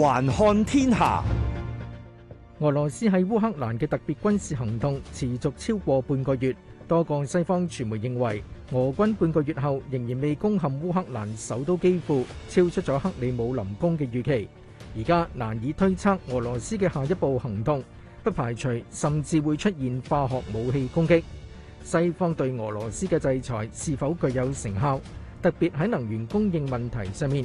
環看天下，俄羅斯喺烏克蘭嘅特別軍事行動持續超過半個月。多個西方傳媒認為，俄軍半個月後仍然未攻陷烏克蘭首都基輔，超出咗克里姆林宮嘅預期。而家難以推測俄羅斯嘅下一步行動，不排除甚至會出現化學武器攻擊。西方對俄羅斯嘅制裁是否具有成效？特別喺能源供應問題上面。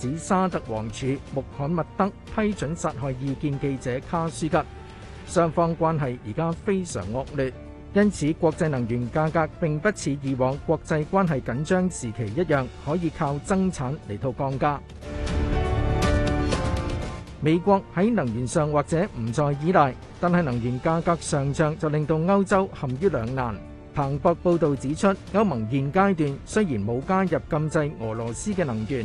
指沙特王儲穆罕默德批准殺害異見記者卡舒吉，雙方關係而家非常惡劣，因此國際能源價格並不似以往國際關係緊張時期一樣可以靠增產嚟到降價。美國喺能源上或者唔再依賴，但係能源價格上漲就令到歐洲陷於兩難。彭博報道指出，歐盟現階段雖然冇加入禁制俄羅斯嘅能源。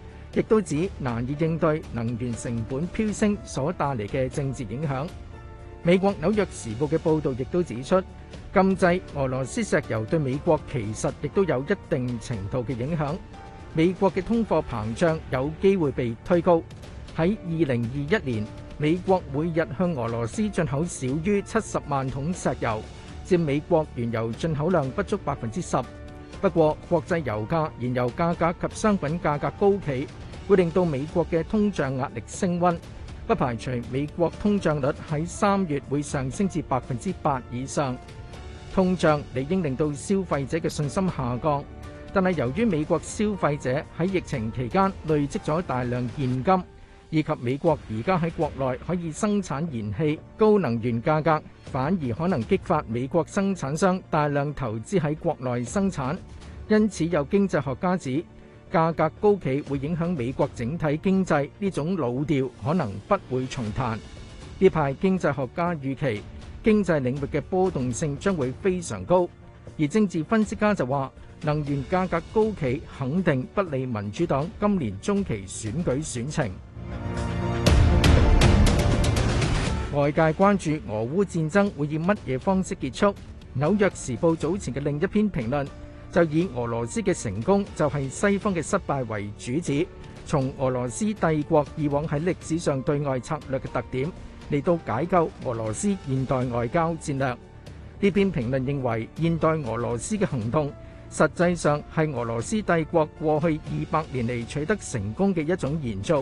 亦都指難以應對能源成本飆升所帶嚟嘅政治影響。美國紐約時報嘅報導亦都指出，禁制俄羅斯石油對美國其實亦都有一定程度嘅影響。美國嘅通貨膨脹有機會被推高。喺二零二一年，美國每日向俄羅斯進口少於七十萬桶石油，佔美國原油進口量不足百分之十。不過，國際油價、燃油價格及商品價格高企。會令到美國嘅通脹壓力升溫，不排除美國通脹率喺三月會上升至百分之八以上。通脹理應令到消費者嘅信心下降，但係由於美國消費者喺疫情期間累積咗大量現金，以及美國而家喺國內可以生產燃氣，高能源價格反而可能激發美國生產商大量投資喺國內生產。因此有經濟學家指，價格高企會影響美國整體經濟，呢種老調可能不會重彈。呢派經濟學家預期經濟領域嘅波動性將會非常高，而政治分析家就話能源價格高企肯定不利民主黨今年中期選舉選情。外界關注俄烏戰爭會以乜嘢方式結束？《紐約時報》早前嘅另一篇評論。就以俄羅斯嘅成功就係西方嘅失敗為主旨，從俄羅斯帝國以往喺歷史上對外策略嘅特點嚟到解構俄羅斯現代外交戰略。呢篇評論認為現代俄羅斯嘅行動實際上係俄羅斯帝國過去二百年嚟取得成功嘅一種延續，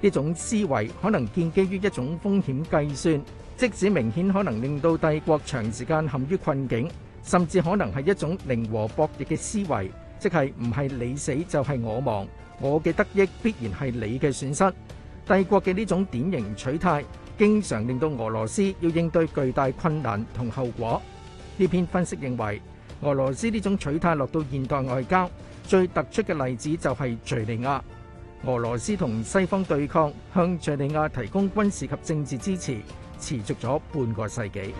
呢種思維可能建基於一種風險計算，即使明顯可能令到帝國長時間陷於困境。甚至可能係一種零和博弈嘅思維，即係唔係你死就係我亡，我嘅得益必然係你嘅損失。帝國嘅呢種典型取態，經常令到俄羅斯要應對巨大困難同後果。呢篇分析認為，俄羅斯呢種取態落到現代外交，最突出嘅例子就係敍利亞。俄羅斯同西方對抗，向敍利亞提供軍事及政治支持，持續咗半個世紀。